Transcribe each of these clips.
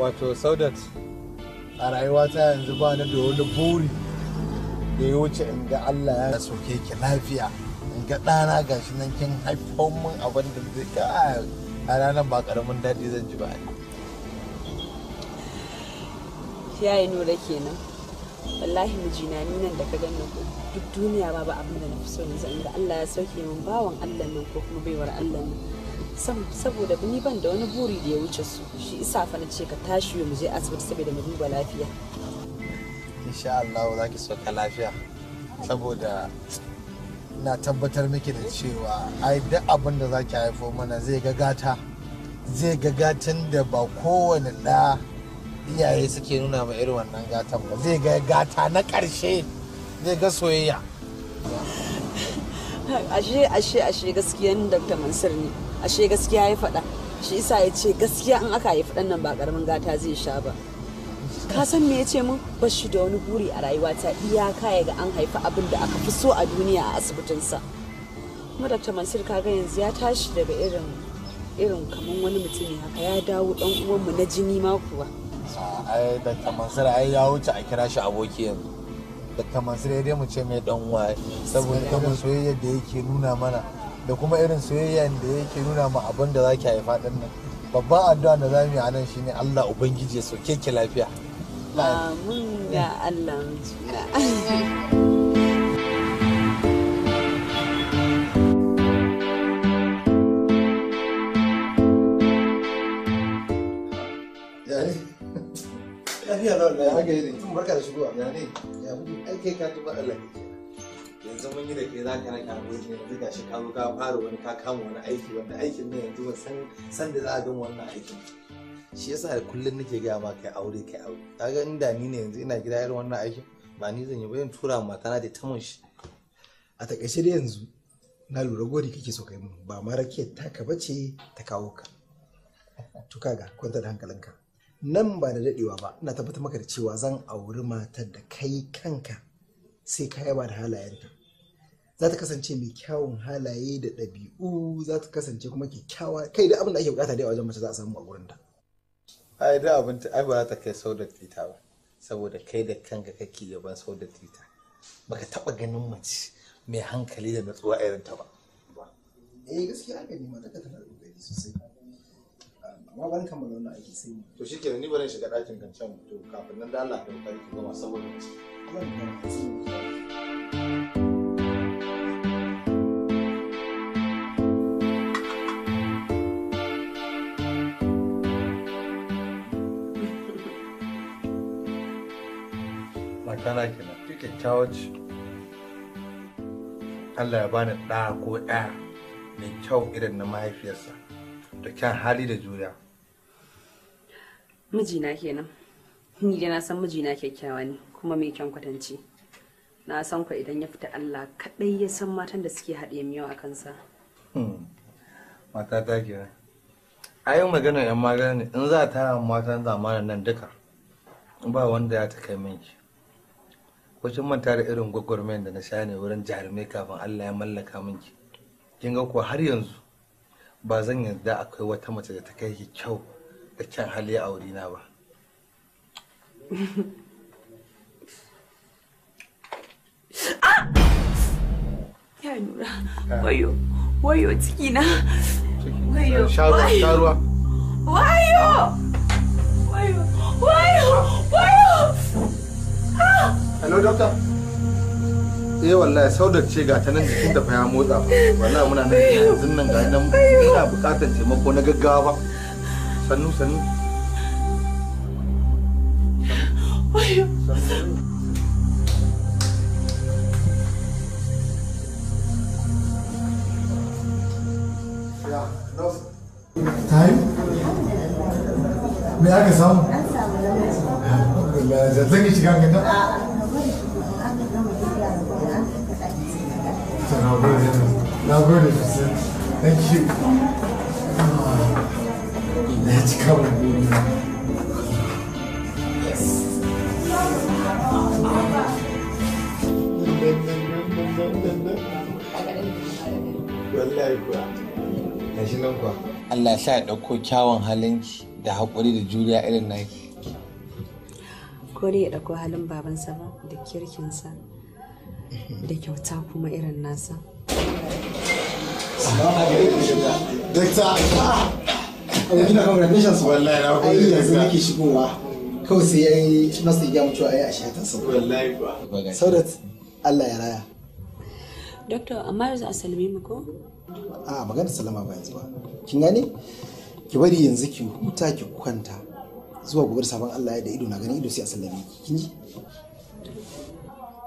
wato saudat a rayuwata yanzu ba na da wani buri da ya wuce in ga allah ya soke ki lafiya in ga ɗana gashi nan kin haifon min abin da zai ka a ranar ba karamin daɗi zan ji ba ya yi nura kenan wallahi mijina ni nan da ka gani ko duk duniya ba abin da na fi so yanzu inda Allah ya sauke min bawan Allah nan ko kuma baiwar Allah nan saboda ni ban da wani buri da ya wuce su shi isa fa na ce ka tashi mu muje asibiti saboda mu duba lafiya insha Allah za ki sauka lafiya saboda na tabbatar miki da cewa ai duk abin da zaki haifo mana zai gagata zai gagatan da ba kowane da iyaye suke nuna ma irin wannan gatan ba zai ga gata na karshe zai ga soyayya ashe ashe ashe gaskiyan dr mansur ne ashe gaskiya ya faɗa shi isa ya ce gaskiya an aka haifi faɗan nan ba ƙaramin gata zai sha ba ka san me ya ce min shi da wani buri a rayuwa ta iyaka ya ga an haifi abin da aka fi so a duniya a asibitinsa kuma dr mansur kaga yanzu ya tashi daga irin irin kamar wani mutumi haka ya dawo dan uwanmu na jini ma kuwa ai dr mansur ai ya wuce a kira shi aboki yanzu dr mansur ya dai mu ce mai dan uwa saboda kamar soyayya da yake nuna mana da kuma irin soyayyen da yake nuna ma abin da za ki haifa ɗin nan babban addu'a da za mu yi a nan shine Allah Ubangiji ya soke ki lafiya. Amin ya Allah lafiya na wanda ya haka yi ne tun barka da shigowa ya ne ya aike ka tuba Allah ne yanzu mun yi da ke za ka raka mu ne yanzu ga shi ka ka fara wani ka kama wani aiki wanda aikin ne yanzu ba san da za a gama wannan aikin shi yasa kullum nake gaya ma kai aure kai aure kaga inda ni ne yanzu ina gida irin wannan aikin ba ni zan yi ba yin tura matana da ta mun shi a takaice da yanzu na lura gori kake so kai mun ba ma rakiyar taka bace ta kawo ka to kaga kwanta da hankalinka nan ba da dadewa ba ina tabbatar maka da cewa zan auri matar da kai kanka sai ka yaba da halayenta za ta kasance mai kyawun halaye da ɗabi'u za ta kasance kuma kyakkyawa kai da abin da ake bukata da a wajen mace za a samu a ta. ai da abin ta ai ba za ta kai sau da tita ba saboda kai da kanka kake yaban sau da tita baka taba ganin mace mai hankali da natsuwa irin ta ba eh gaskiya haka ne mata ka tana kokari sosai amma ban kammala wannan aiki sai mu to shikenan ni zan shiga ɗakin kan can to kafin nan da Allah ka kokari ki gama saboda mace Thank you. kana kenan duk kyakkyawa ce Allah ya bani ɗa ko ɗaya mai kyau irin na mahaifiyarsa da kyan hali da juriya mijina kenan ni da na san mijina kyakkyawa ne kuma mai kyan kwatanci na san ku idan ya fita Allah kaɗai ya san matan da suke haɗe miyau a kansa hmm. mata ta kenan a yi magana yan magana ne in za a tara matan zamanin nan duka ba wanda ya ta kai minki wajen manta da irin gwagwarmayar da na sha ne wurin jarumai kafin Allah ya mallaka min ki kin ga kuwa har yanzu ba zan yarda akwai wata mace da ta kai ki kyau da kyan hali a na ba ah! ya nura wayo wayo ciki na wayo wayo wayo wayo wayo hello doctor eh wallahi saudar ce ga ta nan jikin da fa ya motsa fa wallahi muna nan yanzu nan ga nan muna bukatar taimako na gaggawa ba sannu sannu Time? Me aka samu? zan yi shiga na na Allah ya sa ya ɗauko kyawun halinki da haƙuri da juriya irin naki ko dai ya ɗauko halin babansa ba da kirkinsa da kyauta kuma irin nasa kawai sai ya yi masu iya mutuwa a yi a shatan sa wallahi ba Allah ya raya amma yanzu a salme mu ko? A magana salama ba yanzu ba. Kin Ki bari yanzu ki huta ki kwanta. zuwa gobe sabon Allah ya da ido na gani ido sai a sallame kin ji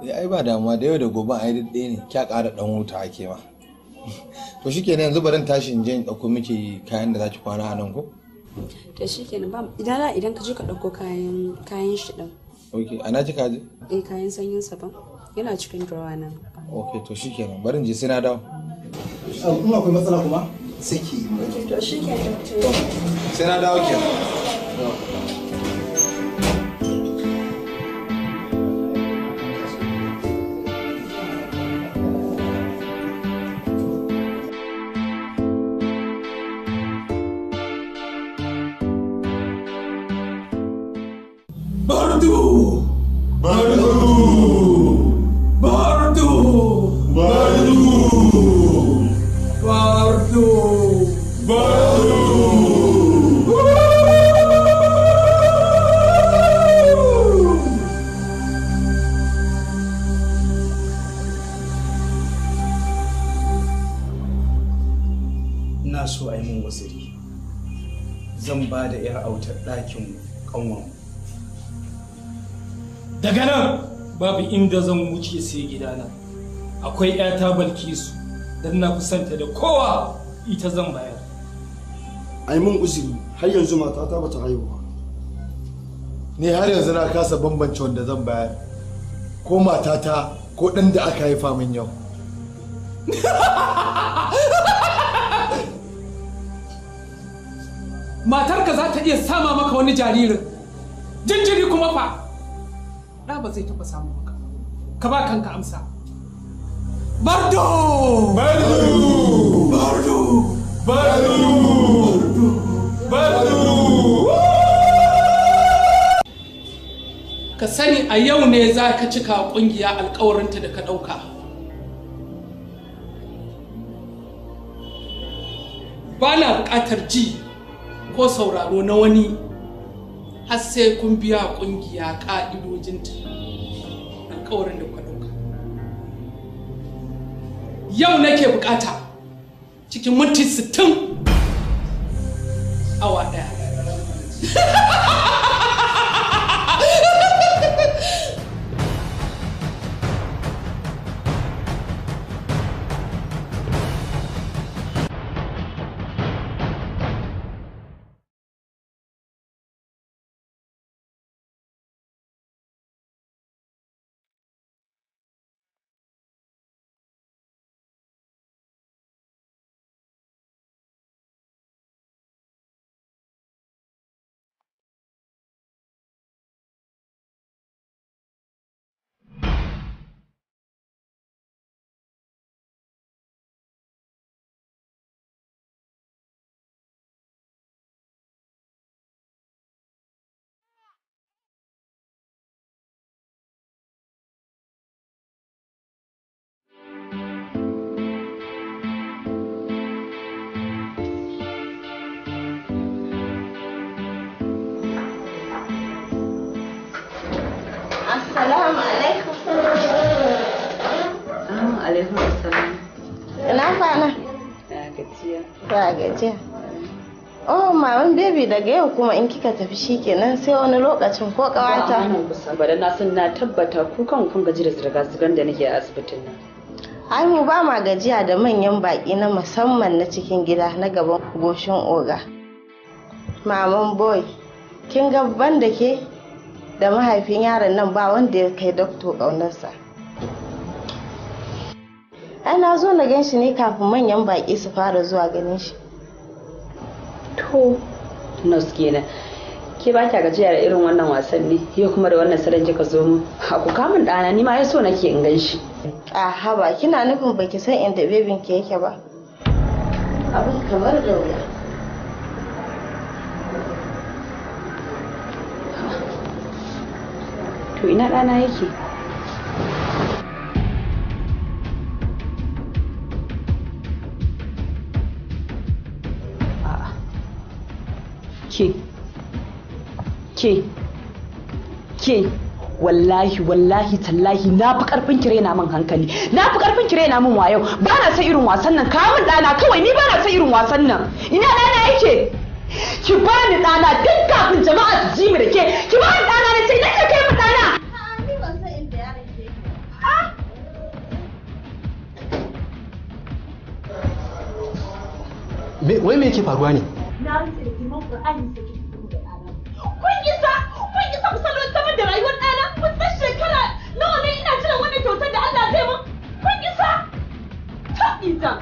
eh, ai ba damuwa da yau da gobe ai duk ne kya ƙara dan wuta ake ma to shikenan yanzu barin tashin je in ɗauko miki kayan da zaki kwana a nan ko to shikenan ba idan ra idan ka je ka ɗauko kayan kayan shi ɗin okay ana ji ka je eh kayan sanyin sa ba yana cikin drawer nan okay to shikenan barin je sai na dawo kuma akwai matsala kuma saki sai na dawo kenan ina so a yi min waziri zan ba da 'yar autar ɗakin ƙanwan daga nan babu inda zan wuce sai gidana akwai 'yata su don na kusanta da kowa ita zan bayar a yi min uzuri har yanzu matata ta bata ba ni har yanzu na kasa bambance wanda zan bayar ko matata ko ɗan da aka haifa min yau matarka za ta iya sama maka wani jaririn jinjiri kuma fa ɗa ba zai taɓa samu maka ka ba kanka amsa bardo bardo bardo bardo bardo ka sani a yau ne za ka cika ƙungiya alkawarinta da ka ɗauka ba na buƙatar ji ko sauraro na wani har sai kun biya kungiya ta alkawarin da kuka yau nake bukata cikin minti sittin awa ɗaya ina kwana ba gajiya oh maman baby daga yau kuma in kika tafi shikenan sai wani lokacin ko kawata bada na san na tabbata ku kan kun gaji da zirga-zirgar da nake a asibitin nan ai mu ba ma gajiya da manyan baki na musamman na cikin gida na gaban goshin oga maman boy kin ga ban da ke da mahaifin yaron nan ba wanda ya kai dokto ƙaunarsa ai na zo na gan shi ne kafin manyan baƙi su fara zuwa ganin shi to nos kenan ke ba kya gajiya da irin wannan wasanni yau kuma da wannan salon kika zo mu a ku kamun ɗana ni ma ya so nake in gan shi a ah, haba kina nufin baki san inda bebin ke yake ba abin kamar da wuya to ina ɗana yake ke ke wallahi wallahi tallahi na fi karfin kire na min hankali na fi karfin kire na min wayo ba na san irin wasan nan kawo dana kawai ni ba na san irin wasan nan ina dana yake ki ba ni dana duk kafin jama'a su ji mu da ke ki ba ni dana ne sai nake kai mu dana wai me yake faruwa ne na rufe da mun qur'ani sai tafiyar da rayuwar ɗana kusan shekara nawa ne ina jiran wannan kyautar da Allah zai mun kun isa ta isa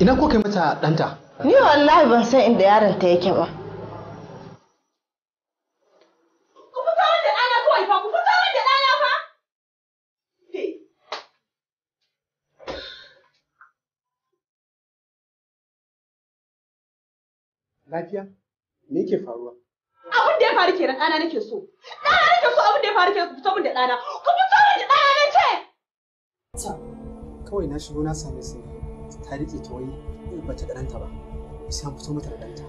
ina ko kai mata ɗanta ni wallahi ban san inda yaron ta yake ba Lafiya? Me yake faruwa? ya faru kenan ɗana nake so ɗana nake so abin da ya faru ke fito min da ɗana ku fito min da ɗana na ce kawai na shigo na same su ta riƙe ta wai ba ta ɗanta ba sai an fito mata da ɗanta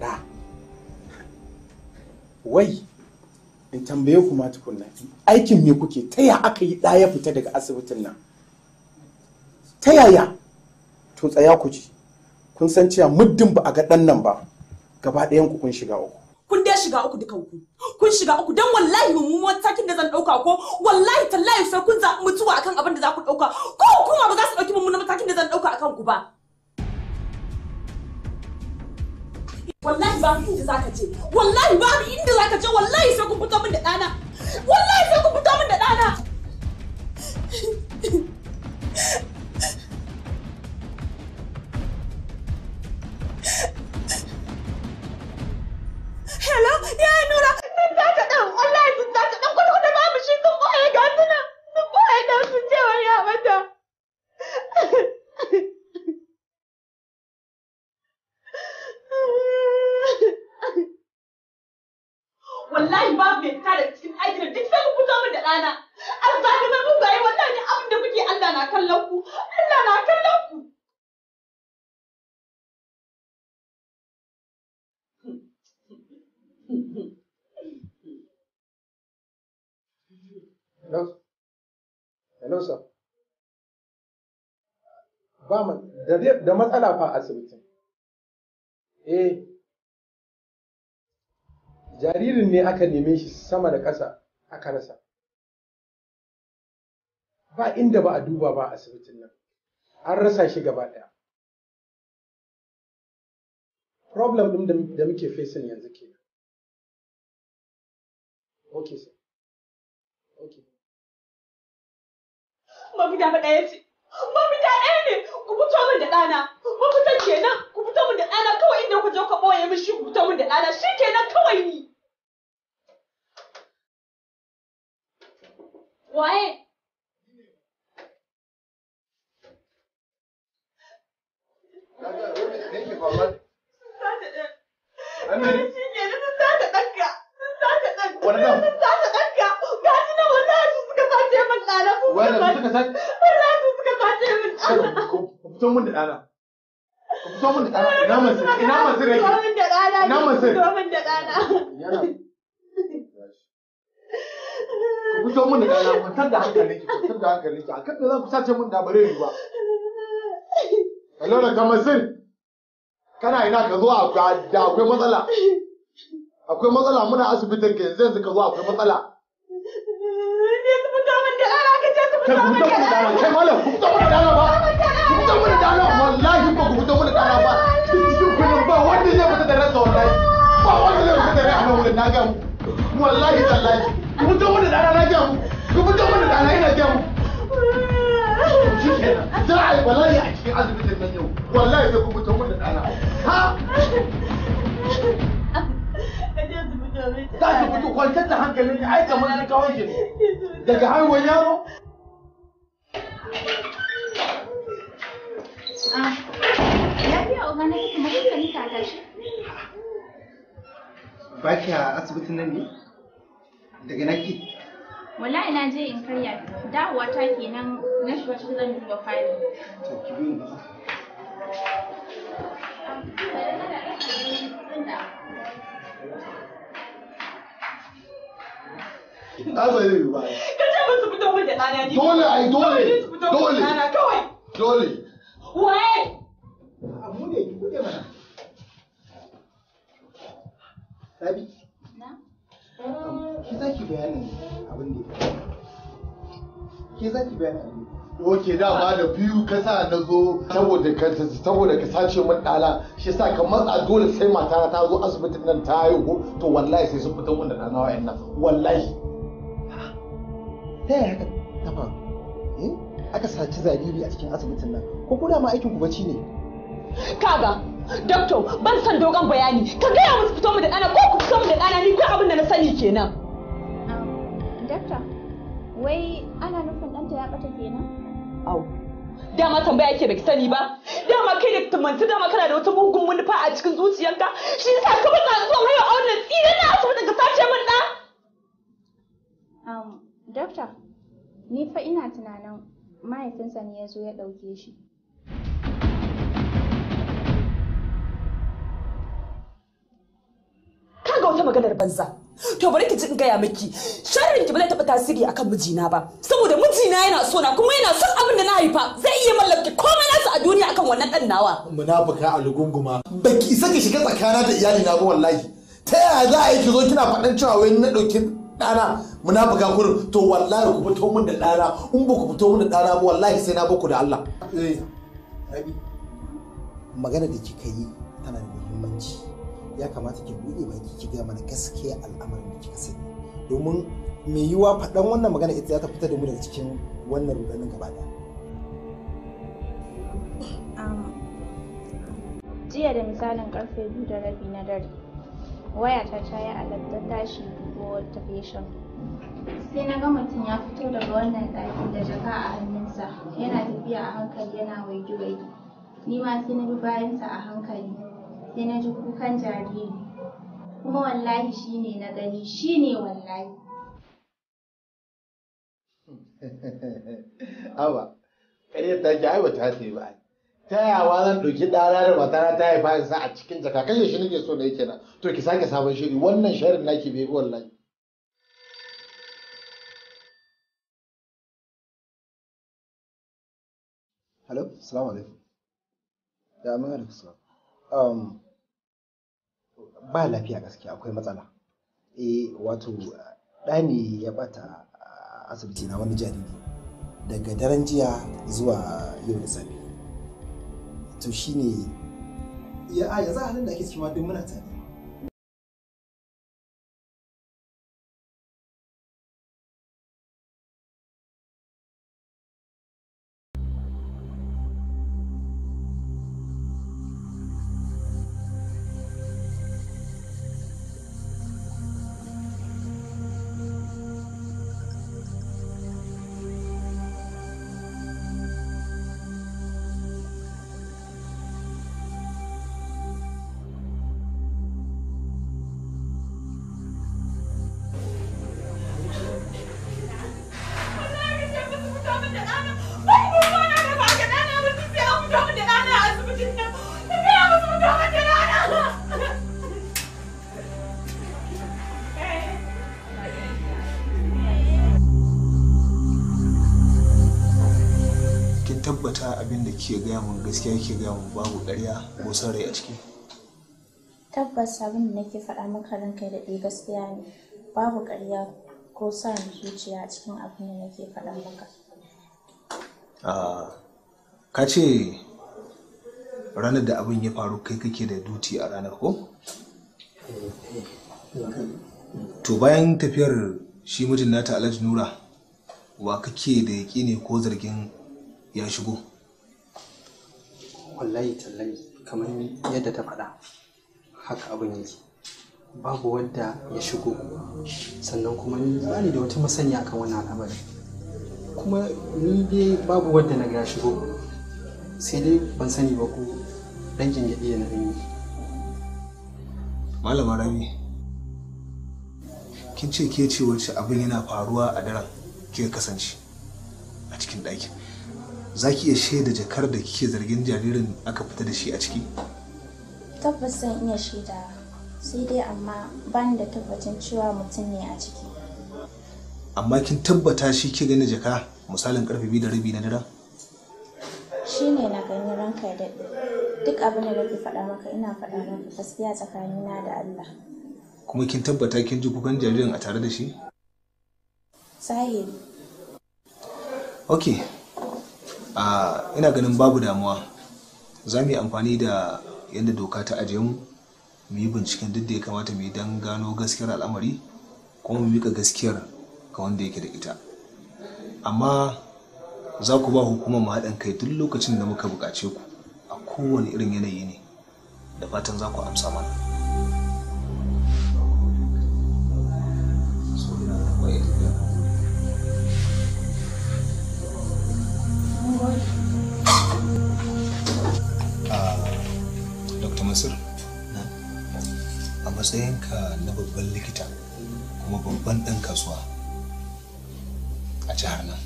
da wai in tambaye ku ma tukunna aikin me kuke ta ya aka yi ɗaya fita daga asibitin nan ta yaya to tsaya ku ji kun san cewa muddin ba a ga ɗan nan ba gaba ɗayan ku kun shiga uku kun dai shiga uku dukan ku kun shiga uku dan wallahi mummuwan takin da zan dauka ko wallahi tallahi sai kun za mutuwa akan abin da za ku dauka ko hukuma ba za su dauki mummunan matakin da zan dauka akan ku ba wallahi babu inda zaka je wallahi babu inda zaka je wallahi sai kun fito min da ɗana wallahi sai kun fito min da ɗana ba da matsala fa asibitin eh jaririn ne aka neme shi sama da ƙasa aka rasa ba inda ba a duba ba asibitin nan an rasa shi gaba ɗaya problem ɗin da muke fesin yanzu ke ok sir ok mafita ba ɗaya ce mafita ɗaya ne 他们在那里。ta ba zai yi ba kalora kamar sin kana ina ka zo da akwai matsala akwai matsala muna asibitin ka yanzu yanzu ka zo akwai matsala ne su fito min da ara ka ce su fito min da ara kai malam ku fito min da ara ba za a yi bala'i a cikin asibitin nan yau wallahi zai kubuta mun da ɗana ha za ki fito kwantar da hankalin ai kamar ni kawai ki daga haihuwar yaro ah, lafiya uba na ba ki asibitin nan ne daga naki wallahi na je in karya dawowa ta na shiga cikin zan duba fayil Na zai ba. Ka fito da ɗana ne. Dole ai dole. Dole. Kawai. Dole. Waye. Abu ne ki mana. ki zaki bayanin abin da ya ke zaki bayanin abin Oke dama da biyu ka sa na zo saboda ka saboda ka sace min ɗana shi yasa ka matsa dole sai mata ta zo asibitin nan ta haihu to wallahi sai sun fito wanda ɗana wa'in nan wallahi. Ta yaya haka ta faru? Eh? Aka saci zariri a cikin asibitin nan ko da ma aikin ku bacci ne? Kaga Doktor, ban san dogon bayani. Ka gaya musu fito mu da ɗana ko ku fito mu da ɗana ni ko abin da na sani kenan. Um, Doktor, wai ana nufin ɗanta ya ɓata kenan? Au. Dama tambaya yake baki sani ba. Dama kai da tumanci dama kana da wata mugun manufa a cikin zuciyarka. Shi yasa ka baka son haya a wannan tsira na asibiti ka sace min ɗa. Um, Dokta, ni fa ina tunanin mahaifinsa ne ya zo ya ɗauke shi. kaga wata maganar banza to bari ki ji in gaya miki sharrin ki ba zai taɓa tasiri akan mijina ba saboda mijina yana so na kuma yana son abin da na haifa zai iya mallaki komai nasu a duniya akan wannan ɗan nawa munafuka a lugunguma baki isa ki shiga tsakana da iyali na ba wallahi ta yaya za a yi ki zo kina faɗan cewa wai na ɗauki ɗana munafuka kurin to wallahi ku fito min da ɗana in ba ku fito min da ɗana ba wallahi sai na baku da Allah eh, magana da kika yi tana da muhimmanci ya kamata ki buɗe baki ki ga mana gaskiya al'amarin da kika sani domin mai yiwuwa faɗan wannan magana ita za ta fitar da mu daga cikin wannan rudanin gaba ɗaya. jiya da misalin karfe biyu da rabi na dare wayata ta yi alattar tashi ta tafeshin sai na ga mutum ya fito daga wannan ɗakin da jaka a hannunsa yana tafiya a hankali yana waige-waige ni ma sai na bi bayansa a hankali sai na ji kukan jariri kuma wallahi shi ne na gani shi ne wallahi awa ƙaryar ta ke aiwata ta yi ba ta yawa zan ɗauki ɗana da matana ta haifa in sa a cikin jaka kashe shi nake so na yake na to ki sake sabon shiri wannan shirin naki bai bi wallahi Hello, salamu alaikum. Ya magana da kusa. Um, ba lafiya gaskiya akwai matsala eh wato ɗani ya bata asibiti na wani jariri daga daren jiya zuwa yau da safe to shine ya za a halin da ake cikin duk muna tare yake gaya mun gaskiya yake gaya mun babu ƙarya ko son rai a ciki tabbas abin da nake faɗa maka ranka da ɗaya gaskiya ne babu ƙarya ko son zuciya a cikin abin da nake faɗa maka ka ce ranar da abin ya faru kai kake da duti a ranar ko to bayan tafiyar shi mijin nata alhaji nura wa kake da yaƙi ne ko zargin ya shigo wallahi tallahi kamar yadda ta faɗa haka abin yake babu wadda ya shigo sannan kuma ni ba ni da wata masanya kan wannan al'amari kuma ni dai babu wadda na ga shigo sai dai ban sani ba ku dan ya iya na gani malama Rami, kin ce ke ce wace abin yana faruwa a daren ke kasance a cikin ɗakin za ki iya shaida jakar da kike zargin jaririn aka fita da shi a ciki tabbas zan iya shaida sai dai amma ban da tabbacin cewa mutum ne a ciki amma kin tabbata shi ki gani jaka misalin karfe biyu da rabi na dare shi ne na gani ranka ya daɗe duk abin da nake faɗa maka ina faɗa maka gaskiya tsakanina da Allah kuma kin tabbata kin ji kukan jaririn a tare da shi zahiri okay ina ganin babu damuwa za mu yi amfani da yadda doka ta ajiye mu mu yi binciken duk da ya kamata mu yi don gano gaskiyar al'amari kuma mu mika gaskiyar ga wanda yake da ita amma za ku ba hukumar mu haɗin kai duk lokacin da muka buƙace ku a kowane irin yanayi ne da fatan za ku amsa mana Ah, Dr. Mansur, a matsayinka na babban likita kuma babban ɗan kasuwa a jihar nan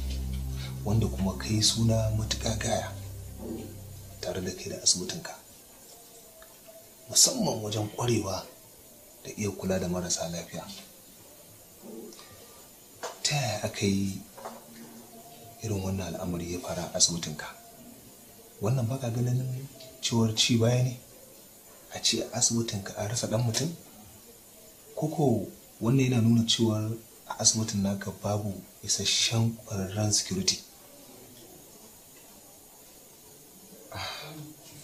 wanda kuma kai suna matuƙa gaya tare da kai da asibitinka musamman wajen ƙwarewa da iya kula da marasa lafiya. ta yaya aka yi irin wannan al'amari ya fara asibitinka wannan baka ganin ciwar ci baya ne a ce asibitinka a rasa dan mutum koko wannan yana nuna cewar a asibitin naka babu isasshen ƙwararren security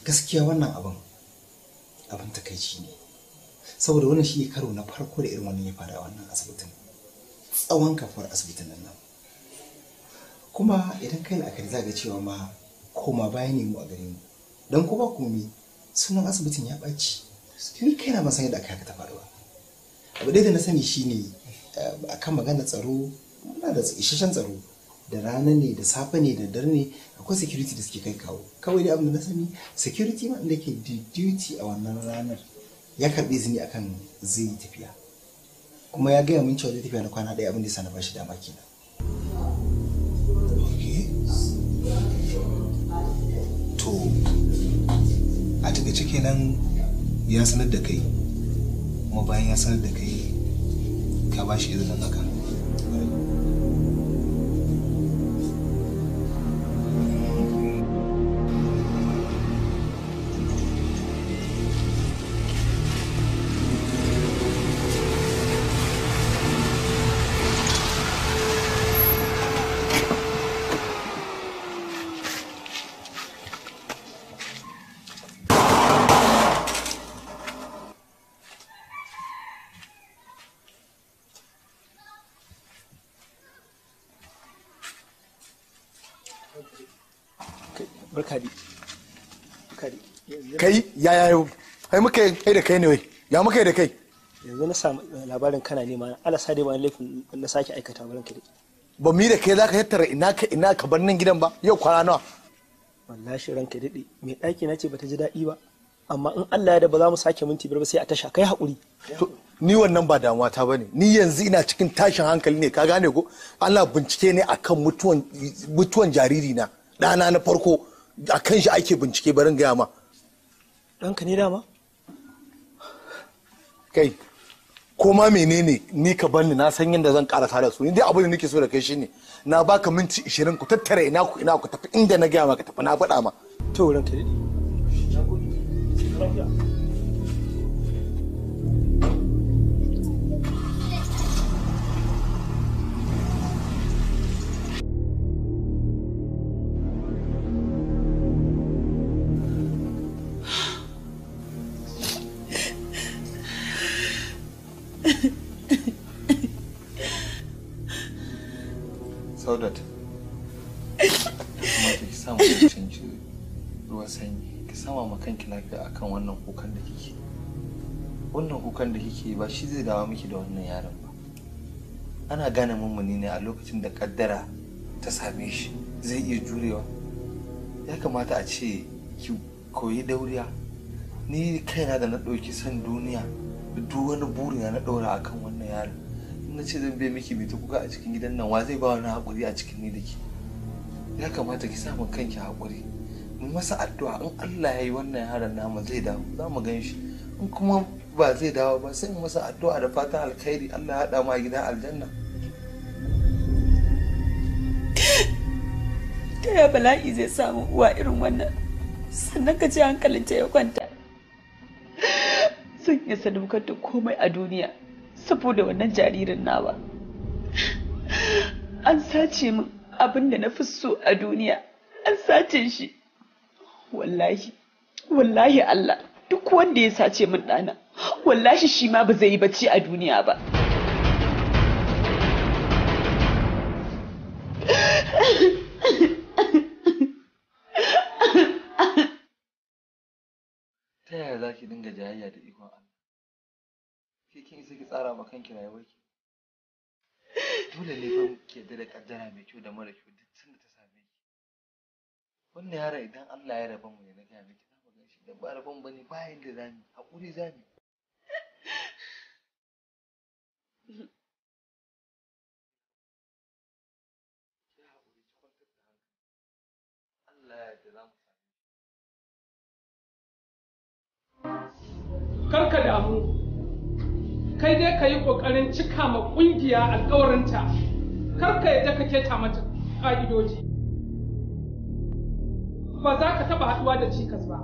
gaskiya wannan abin abin takaici ne saboda wannan shi karo na farko da irin wannan ya fara wannan asibitin tsawon kafuwar asibitin nan kuma idan kai la'akari za ga cewa ma koma baya ne mu a gare mu don ko ba komai sunan asibitin ya ɓaci ni kai na masan yadda aka ta faruwa abu ɗaya da na sani shine eh, akan magana tsaro muna da isasshen tsaro da rana ne da safe ne da dare ne akwai security da suke kai kawo kawai dai abin da na sani security ma da ke duty a wannan ranar ya karbi izini akan zai tafiya kuma ya gaya min cewa zai tafiya na kwana ɗaya abin da ya sa na bashi dama kenan a ciki kenan ya sanar da kai kuma bayan ya sanar da kai ka ba shi izinin hakan ya ya yau ai muka kai da kai ne wai ya muka da kai yanzu na samu labarin kana nema ala sa dai ba laifin na sake aikata ranka dai ba mi da kai za tattara ina ka ina ka bar nan gidan ba yau kwana nawa wallahi ranka dade mai daki na ce bata ji daɗi ba amma in Allah ya da ba za mu sake minti biyar ba sai a tasha kai haƙuri ni wannan ba damuwa ta bane ni yanzu ina cikin tashin hankali ne ka gane ko ana bincike ne akan mutuwan mutuwan jariri na ɗana na farko akan shi ake bincike barin gaya ma ɗanka ne dama kai ko ma menene ni ka bani na san yadda zan ƙara tare su ni dai abin da nake so da kai shine na baka minti 20 ku tattara ina ku ina ku tafi inda na gaya maka tafi na faɗa ma to ranka gode akan wannan kukan da kike wannan kukan da kike ba shi zai dawo miki da wannan yaron ba ana gane mummuni ne a lokacin da kaddara ta same shi zai iya jurewa ya kamata a ce ki koyi dauriya ni kaina da na ɗauki san duniya duk wani burina na ɗora akan wannan yaron na ce zan bai miki mai ta kuka a cikin gidan nan wa zai ba wani haƙuri a cikin ni da ke ya kamata ki samun kanki haƙuri masa addu'a in Allah ya yi wannan yaron namu zai dawo za mu gan shi in kuma ba zai dawo ba sai masa addu'a da fatan alkhairi Allah ya haɗa ma gidan aljanna ta ya bala'i zai samu uwa irin wannan sannan ka ce hankalinta ya kwanta sun iya sadaukar da komai a duniya saboda wannan jaririn nawa an sace min abin da na fi so a duniya an sace shi wallahi wallahi Allah duk wanda ya sace min ɗana wallahi shi ma ba zai yi bacci a duniya ba ta yaya za ki dinga jayayya da ikon Allah ke kin sai ki tsara ma kanki rayuwarki dole ne fa ki yarda da kaddara mai kyau da mara kyau wannan yaron idan Allah ya rabu mu ne na gaya miki za mu gan shi idan ba rabon ba ne ba yadda za mu haƙuri za mu Karka damu, kai dai ka yi ƙoƙarin cika ma ƙungiya alƙawarinta, karka yadda kake ta mata ƙa'idoji. ba za ka taba haɗuwa da cikas ba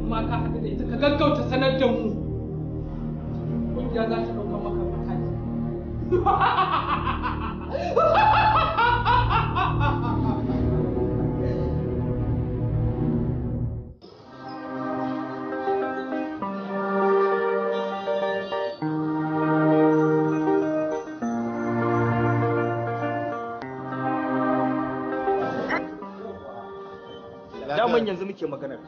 amma ka haɗu da ita ka gaggauta sanar da mu ƙungiya za ta ɗaukar maka mataki daman yanzu muke magana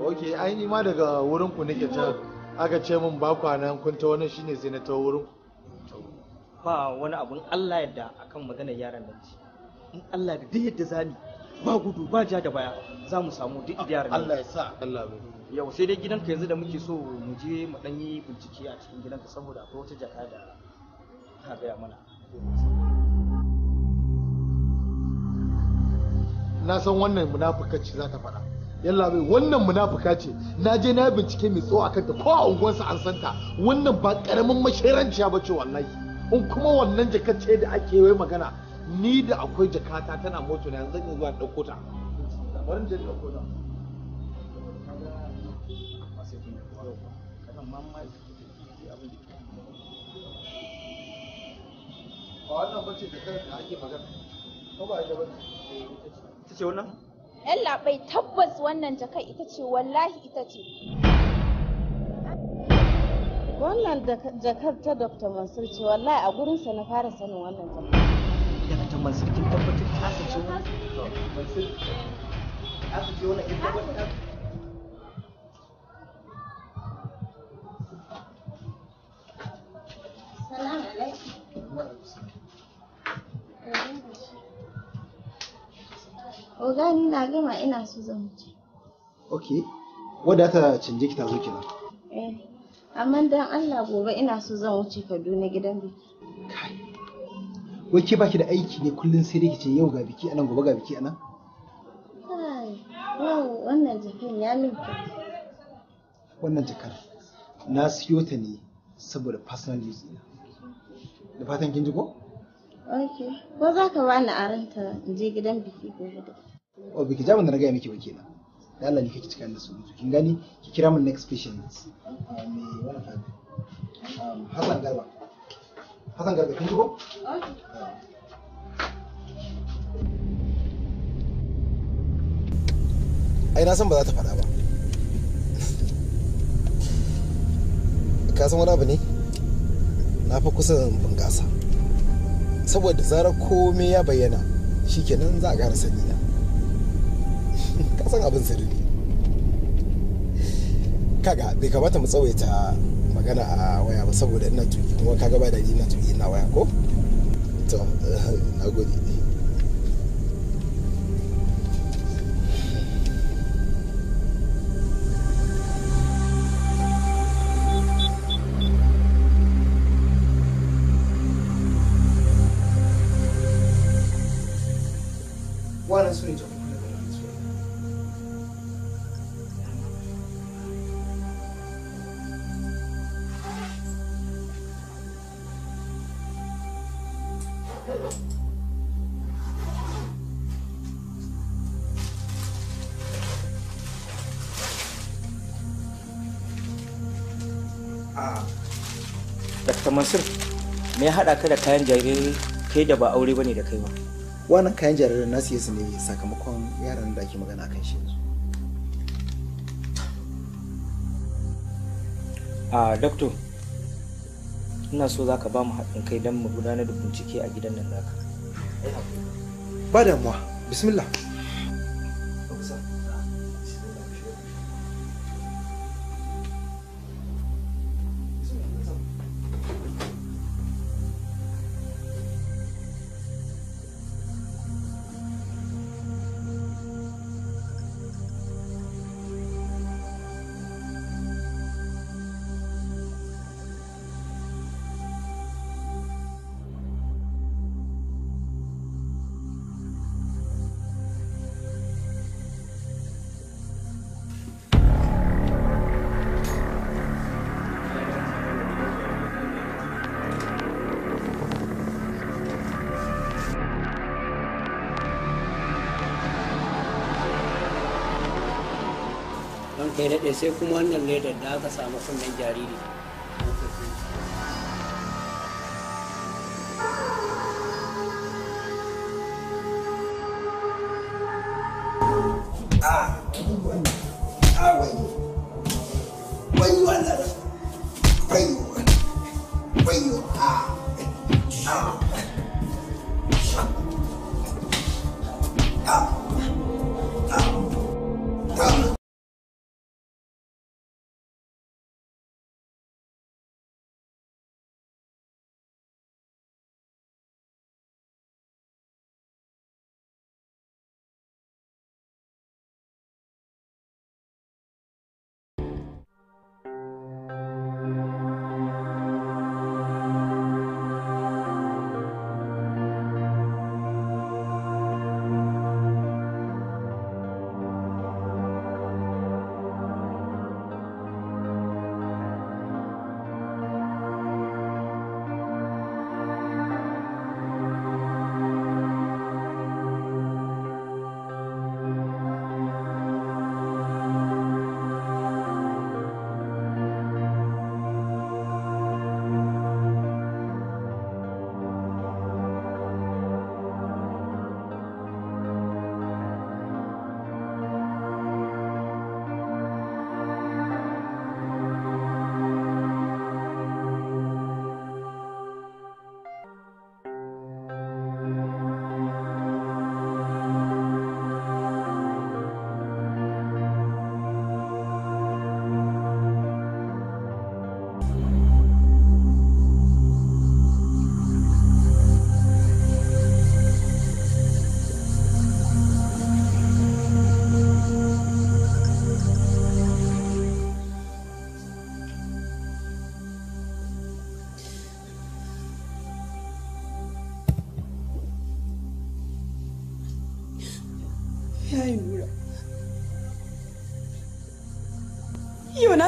ok ai ni ma daga wurin ku nake can aka ce min ba kwanan kun ta wani shine sai na ta wurin ba wani abun Allah yadda akan maganar yaran nan ce in Allah da duk yadda zamu ba gudu ba ja da baya za mu samu duk yaran Allah ya sa Allah yau sai dai gidanka yanzu da muke so mu je mu dan yi bincike a cikin gidanka saboda akwai wata jaka da ka gaya mana na san wannan munafukanci za ta faɗa yalla bai wannan munafuka ce na je na bincike mai tsawo akan ta ko a unguwarsa an santa wannan ba karamin mashiranciya ba ce wallahi in kuma wannan jakar da ake yi magana ni da akwai jakata tana moto na yanzu zan zuwa da ɗauko ta bari je ɗauko ta ba wannan bace da ake magana ko ba ita ba ta ce wannan Yallaɓai tabbas wannan jaka ita ce wallahi ita ce. Wannan jakar ta Dr. Mansur ce wallahi a gurinsa na fara sanin wannan jakar. Dr. Mansur kin tabbatar ta ce ta ce wannan kin Oga ni na gama ina so zan wuce. Ok, wadda ta canje ki ta zo kenan. Eh, amma dan Allah gobe ina so zan wuce Kaduna gidan biki. Kai, wai ke baki da aiki ne kullum sai dai kice yau ga biki anan gobe ga biki anan? Kai, wow, wannan jikin ya min Wannan jikar na siyo ta ne saboda personal use ne. Da fatan kin ji ko? Ok, ko za ka bani aranta in je gidan biki gobe da o oh, biki da na gaya miki ba kenan da Allah ne kake cikin da su kin gani ki kira min next patient eh, um, Hassan Garba Hassan Garba kin ji ko ah. ai na san ba za ta faɗa ba ka san wani abu ne na fi kusa bunƙasa saboda zarar komai ya bayyana shikenan za a gara sani ka san abin sirri kaga bai kamata mu tsawaita magana a waya ba saboda ina tuki kuma kaga ba da ina tuki ina waya ko to na gode Dr. Mansur, me ya haɗa ka da kayan jarirai kai da ba aure bane da kai ba? Wannan kayan jarirai na siye su ne sakamakon yaran da ake magana kan shi yanzu. A doctor, ina so za ka ba mu haɗin kai don mu gudanar da bincike a gidan nan naka. Ba damuwa, bismillah. sai kuma wannan ledar da aka samu sunan jariri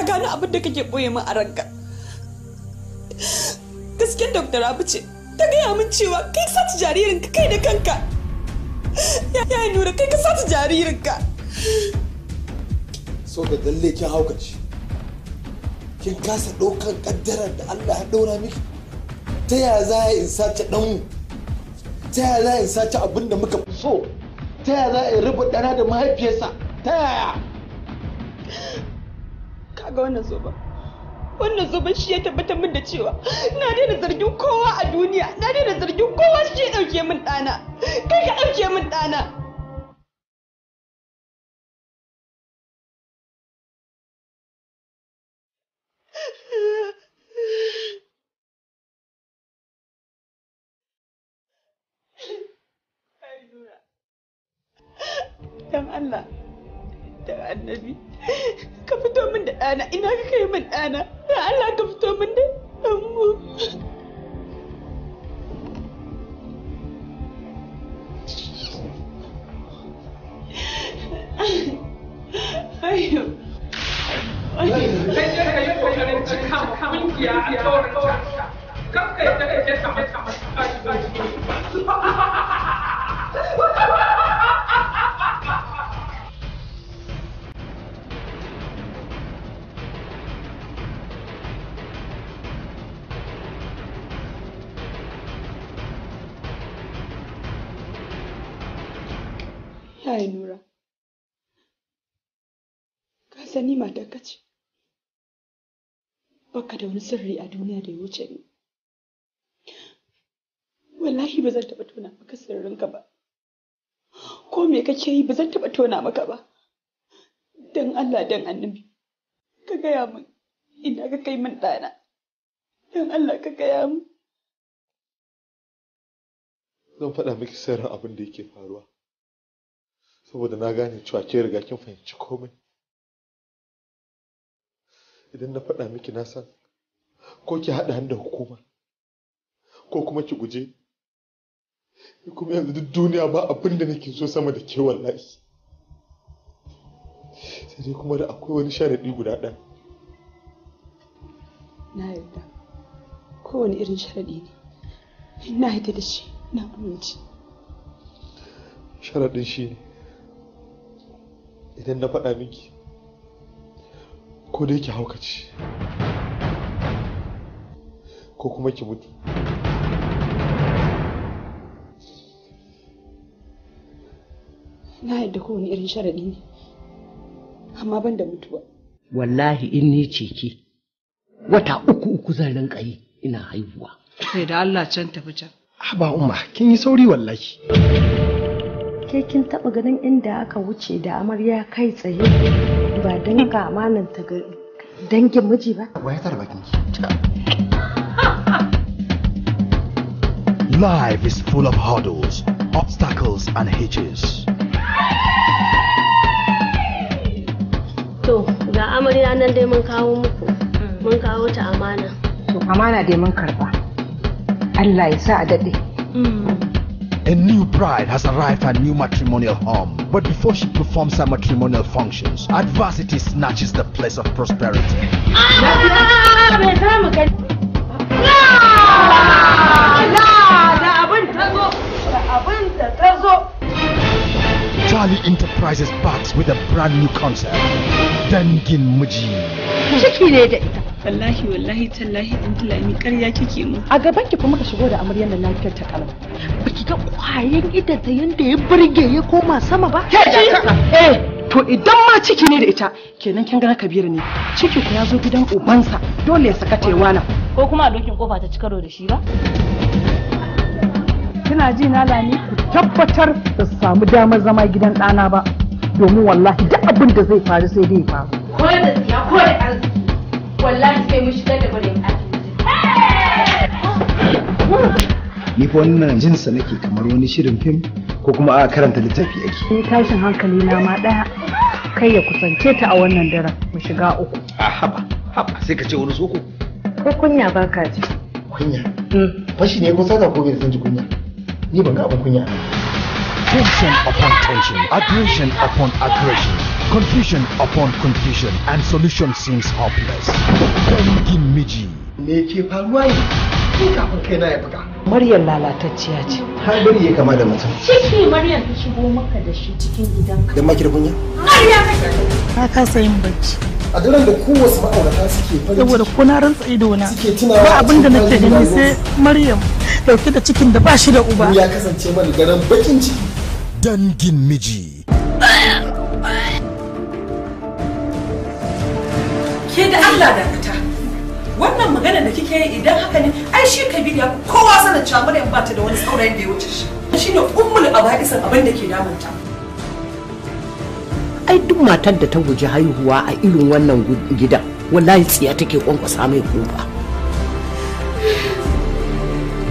gane abin da kake boye min a ranka gaskiyar dr abu ce ta gaya min cewa kai sata jaririnka kai da kanka ya yi nura kai ka sata jaririnka so da dalle kin haukace kin kasa ɗaukan ƙaddarar da allah ya ɗaura miki ta ya za a in sace ɗanmu ta ya za a in sace abin da muka fi so ta ya za a in raba ɗana da mahaifiyarsa ta yaya ga wannan zoben wannan zoben shi ya tabbatar min da cewa na daina zargin kowa a duniya na daina zargin kowa shi ya ɗauke min ɗana kai ka ɗauke min ɗana sana. Ta yi Nura, ka sani matarka ce, baka da wani sirri a duniya da ya wuce ni. Wallahi ba zan taɓa tona maka sirrinka ba, ko me kake yi ba zan taɓa tona maka ba. Don Allah don annabi, ka gaya min ina ka kai min ɗana, don Allah ka gaya min. Zan faɗa miki sirrin abin da yake faruwa. saboda na gane cewa ke riga kin fahimci komai idan na faɗa miki na san ko ki haɗa hannu da hukuma ko kuma ki guje ni kuma yanzu duk duniya ba abin da nake so sama da ke wallahi sai dai kuma da akwai wani sharaɗi guda ɗaya na yarda kowane irin sharaɗi ne na yadda da shi na amince sharaɗin shi ne idan na faɗa miki ko dai ki haukace ko kuma ki mutu na yadda kowane irin sharaɗi ne amma ban da mutuwa wallahi in ni ce ki wata uku uku zan rinka yi ina haihuwa sai da Allah can tafi can ba umma kin yi sauri wallahi ke kin taɓa ganin inda aka wuce da amarya kai tsaye ba don kamanin ta dangin miji ba ya tara bakin Life is full of hurdles, obstacles and hitches. To, ga amarya nan dai mun kawo muku, mun kawo ta amana. To, amana dai mun karba. Allah ya sa a daɗe. Mm. A new bride has arrived at new matrimonial home, but before she performs her matrimonial functions, adversity snatches the place of prosperity. Charlie Enterprises backs with a brand new concept, Dengin Muji. wallahi wallahi tallahi in tulami ƙarya kike mu a gaban ki kuma ka shigo da amaryar da lafiyar ta kalma baki ga kwayan idan ta yanda ya burge ya koma sama ba ke eh to idan ma ciki ne da ita kenan kin ga kabiru ne ciki ku ya zo gidan ubansa dole ya saka taiwana ko kuma a dokin kofa ta ci karo da shi ba kina ji na lami ku tabbatar da samu damar zama gidan ɗana ba domin wallahi duk abin da zai faru sai dai faru ko da tsiya ko da sai mun da ni fa wannan jin sa nake kamar wani shirin fim ko kuma a karanta littafi ake ni tashin hankali na ma daya kai ya kusance ta a wannan daren mu shiga uku a ah, haba haba sai ka ce wani soko ko kunya ba ka ji kunya hmm. fashi ne ko sata ko bai san ji kunya ni ban ga abin kunya tension upon tension aggression upon aggression Confusion upon confusion and solution seems hopeless. Dangin miji. Me ke faruwa ne? Ko kafin kai na ya buga. Maryam lalatacciya ce. Har bari ya kama da mutum. Shi shi Maryam ta shigo maka da shi cikin gidanka. Dan maki da kunya? Maryam ka kasa yin bacci. A daren da kowace ma'aurata suke farin Saboda ko na rantsa ido na. Suke tunawa. Ba abin da nake gani sai Maryam dauke da cikin da ba shi da uba. Ya kasance mana garan bakin ciki. Dangin miji. ke da Allah da fita wannan magana da kike yi idan haka ne ai shi kabir ya kowa sanin chamuriyan ba ta da wani saurayin da ya wuce shi shine ummul aba'isan abin da ke damunta ai duk matar da ta guji haihuwa a irin wannan gidan wallahi tsiya take kwankwasa mai kofa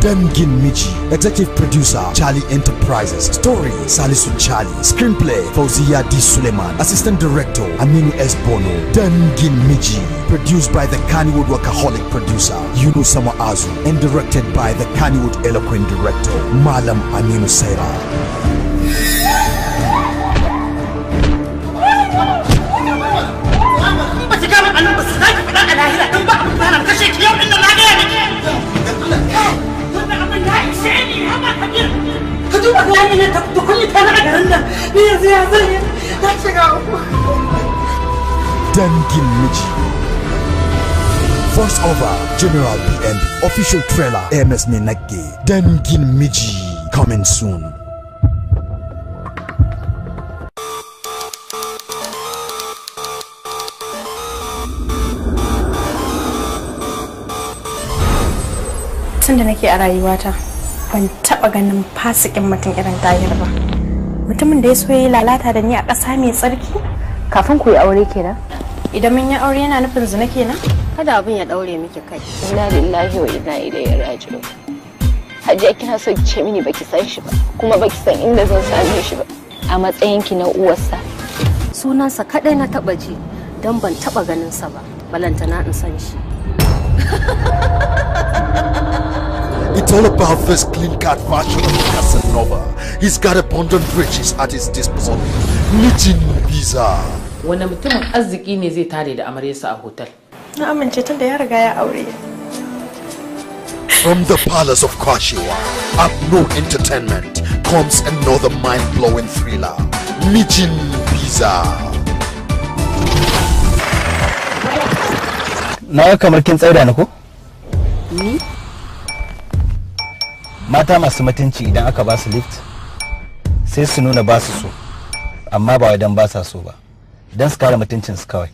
Dangin Miji, Executive Producer Charlie Enterprises, Story Salisu Charlie, Screenplay Fauziya D. Suleiman, Assistant Director Aminu S. Bono, Dangin Miji, produced by the Kannywood Workaholic Producer Yunus Azu, and directed by the Kannywood Eloquent Director Malam Aminu Saira. lahira in ba a kashe ki yau inda na gaya miki. ya ni ka duba ga wani ne ta garin nan ni yanzu ya shiga dangin miji Voice over General BN official trailer MS Ninake Dangin Miji coming soon. tun da nake a rayuwata ban taɓa ganin fasikin mutum irin tahir ba mutumin da ya so yi lalata da ni a ƙasa mai tsarki kafin ku yi aure kenan idan mun yi aure yana nufin zina kenan kada abin ya daure miki kai inna lillahi wa inna ilaihi raji'un hajiya kina so kice ce mini baki san shi ba kuma baki san inda zan same shi ba a matsayinki na uwarsa sunansa kaɗai na taba ji don ban taba ganinsa sa ba balantana in san shi It's all about this clean-cut version of Casanova. He's got abundant riches at his disposal. Meeting visa. Wanda mutumin arziki ne zai tare da amaryarsa a hotel? Na amince tun da ya riga ya aure. From the palace of Kwashiwa, Abno Entertainment comes another mind-blowing thriller, mijin Visa. Na kamar kin tsaida ni ko? mata masu mutunci idan aka ba su lift sai su nuna ba su so amma ba wai don ba sa so ba don su kare mutuncin su kawai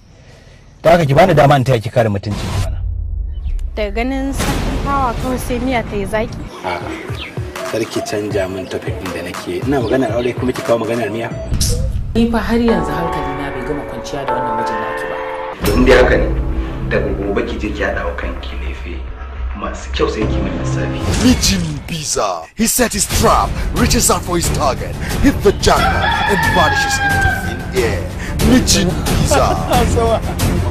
ta haka ki bani dama in taya ki kare mutuncin ki mana da ganin sarkin kawa kawai sai miya ta yi zaki sarki canja min topic din da nake ina maganar aure kuma ki kawo maganar miya ni fa har yanzu hankali na bai gama kwanciya da wannan mijin naki ba don dai haka ne da gobe ki je ki hada wa kanki ne masu Biza, he set his trap, reaches out for his target, hit the jackpot and vanishes into thin air. Biza.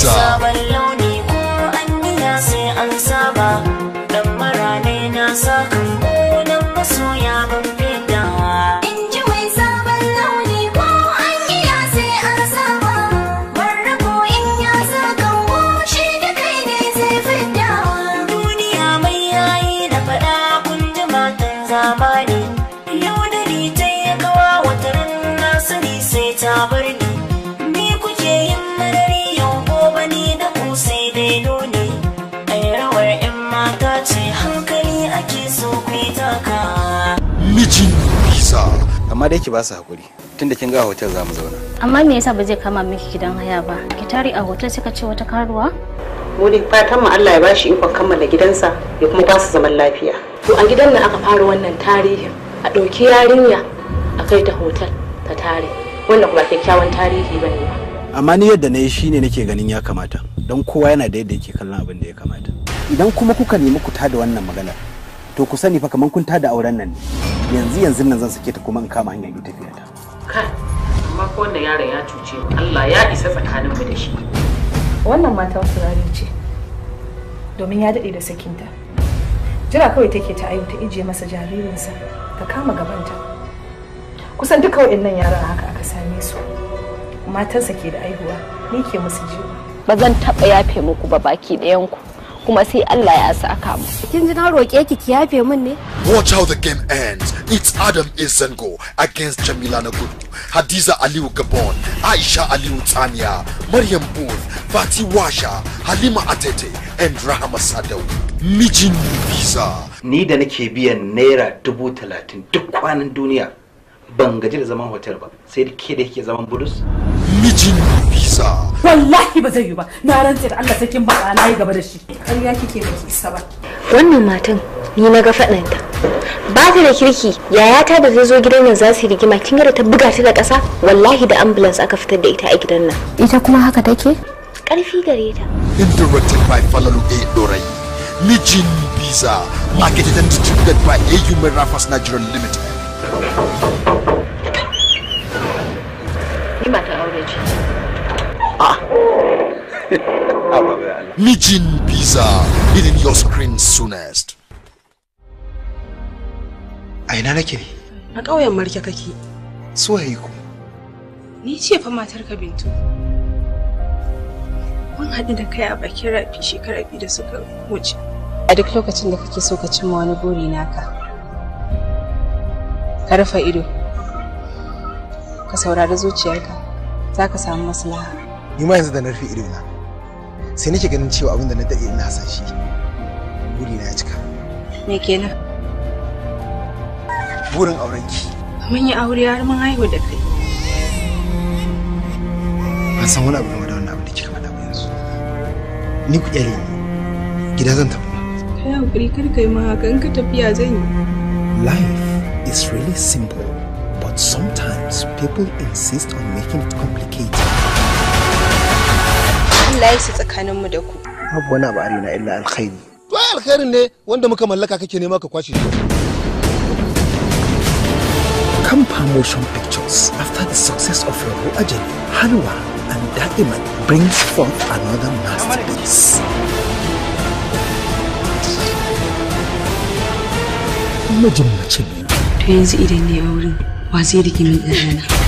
Lisa. amma dai ki ba su hakuri tunda kin ga hotel za mu zauna amma me yasa ba zai kama miki gidan haya ba ki tari a hotel suka ce wata karuwa mu dai fatan mu Allah ya bashi ikon kammala gidansa ya kuma ba su zaman lafiya to a gidan nan aka fara wannan tarihin a ɗauki yarinya a kai ta hotel ta tare wannan kuma kyakkyawan tarihi ba ne amma ni yadda na yi shine nake ganin ya kamata don kowa yana da yadda yake kallon abin da ya kamata idan kuma kuka nemi ku tada wannan magana to ku sani fa kamar kun tada auren nan ne yanzu yanzu nan zan sake ta kuma in kama hanya ki tafiya ta kai amma ko wannan yaron ya cuce Allah ya isa tsakanin da shi wannan mata turare ce domin ya daɗe da sakinta jira kawai take ta ayyuta ta ije masa jaririnsa ta kama gabanta kusan duka nan yaran haka aka same su matansa ke da aihuwa ni ke musu jiwa ba zan taɓa yafe muku ba baki ɗayanku kuma sai Allah ya saka mu kin ji na roke ki ki yafe min ne watch how the game ends it's Adam Isengo against Jamila Nagudu Hadiza Aliu Gabon Aisha Aliu Tania Maryam Booth Fati Washa Halima Atete and Rahama Sadau mijin visa ni da nake biyan naira dubu talatin duk kwanan duniya ban gaji da zaman hotel ba sai da ke da yake zaman bulus mijin bisa Wallahi ba zai yi ba, na rantse da Allah sakin ba na yi gaba da shi. Ƙarya kike ba kisa ba. Wannan matan ni na ga faɗanta. Ba ta da kirki, yayata da zai zo gidan nan za su yi rigima kin da ta buga ta da ƙasa, wallahi da ambulance aka fitar da ita a gidan nan. Ita kuma haka take? Ƙarfi gare ta. Indirected by Falalu A. Dorai. Mijin Visa, marketed and distributed by AU Merafas Nigeria Limited. Ni mata Ah. Mijin Pizza, hidden your screen soonest. A ina nake ne? A ƙauyen Marke kake. Suwaye ku? Ni ce fa matar ka Bintu. Mun haɗu da kai a bakin rafi shekara biyu da suka wuce. A duk lokacin da kake so ka cimma wani buri naka. Ka rufe ido. Ka saurari zuciyarka. za ka samu maslaha ni ma yanzu da na rufe ido na sai nake ganin cewa abin da na daɗe ina san shi buri na ya cika me kenan burin aurenki mun yi aure har mun haihu da kai ban san wani abu game da wannan abin da kika faɗa ba yanzu ni ku ƙyale ni gida zan tafi kai hankuri kar kai ma hakan ka tafiya zan yi life is really simple but sometimes people insist on making it Allah ya su tsakaninmu da ku. Babu wani abu arena illa alkhairi. To alkhairin ne wanda muka mallaka kake nema ka kwashe. shi. Kampa Motion Pictures, after the success of Rabu Ajay, Hanwa and Da'iman brings forth another masterpiece. Mijin mace ne. To yanzu idan ne auren, wa zai rike min ɗan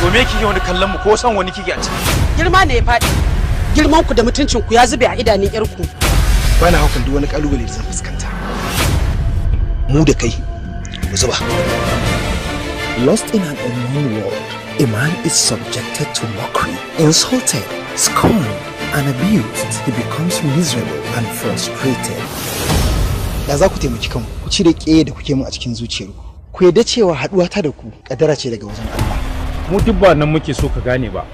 kome kike wani kallon mu ko san wani kike a ciki? Girma ne ya faɗi. Girman ku da mutuncin ku ya zube a idanun yar ku. Bana hakan duk wani kalubale da zan fuskanta. Mu da kai mu zuba. Lost in an unknown world, a man is subjected to mockery, insulted, scorned, and abused. He becomes miserable and frustrated. da za ku taimaki kanku ku cire ke da kuke mu a cikin zuciyar ku yadda cewa haduwa ta da ku ƙadara ce daga wajen Allah mu duk ba nan muke so ka gane ba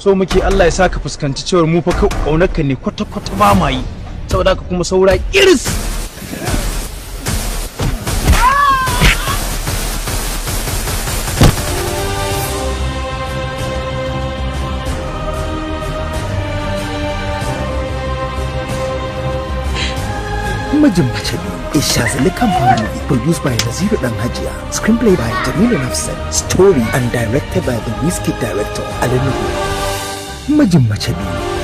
so muke Allah ya saka fuskanci cewar mu fa kaunarka ne kwata kwata ba ma yi saboda ka kuma saura iris mijin mace is Shazali Kampan produced by Naziru Danghajia. Screenplay by Jamila Nafsan. Story and directed by the Whiskey director Alenu. Majin Machabi.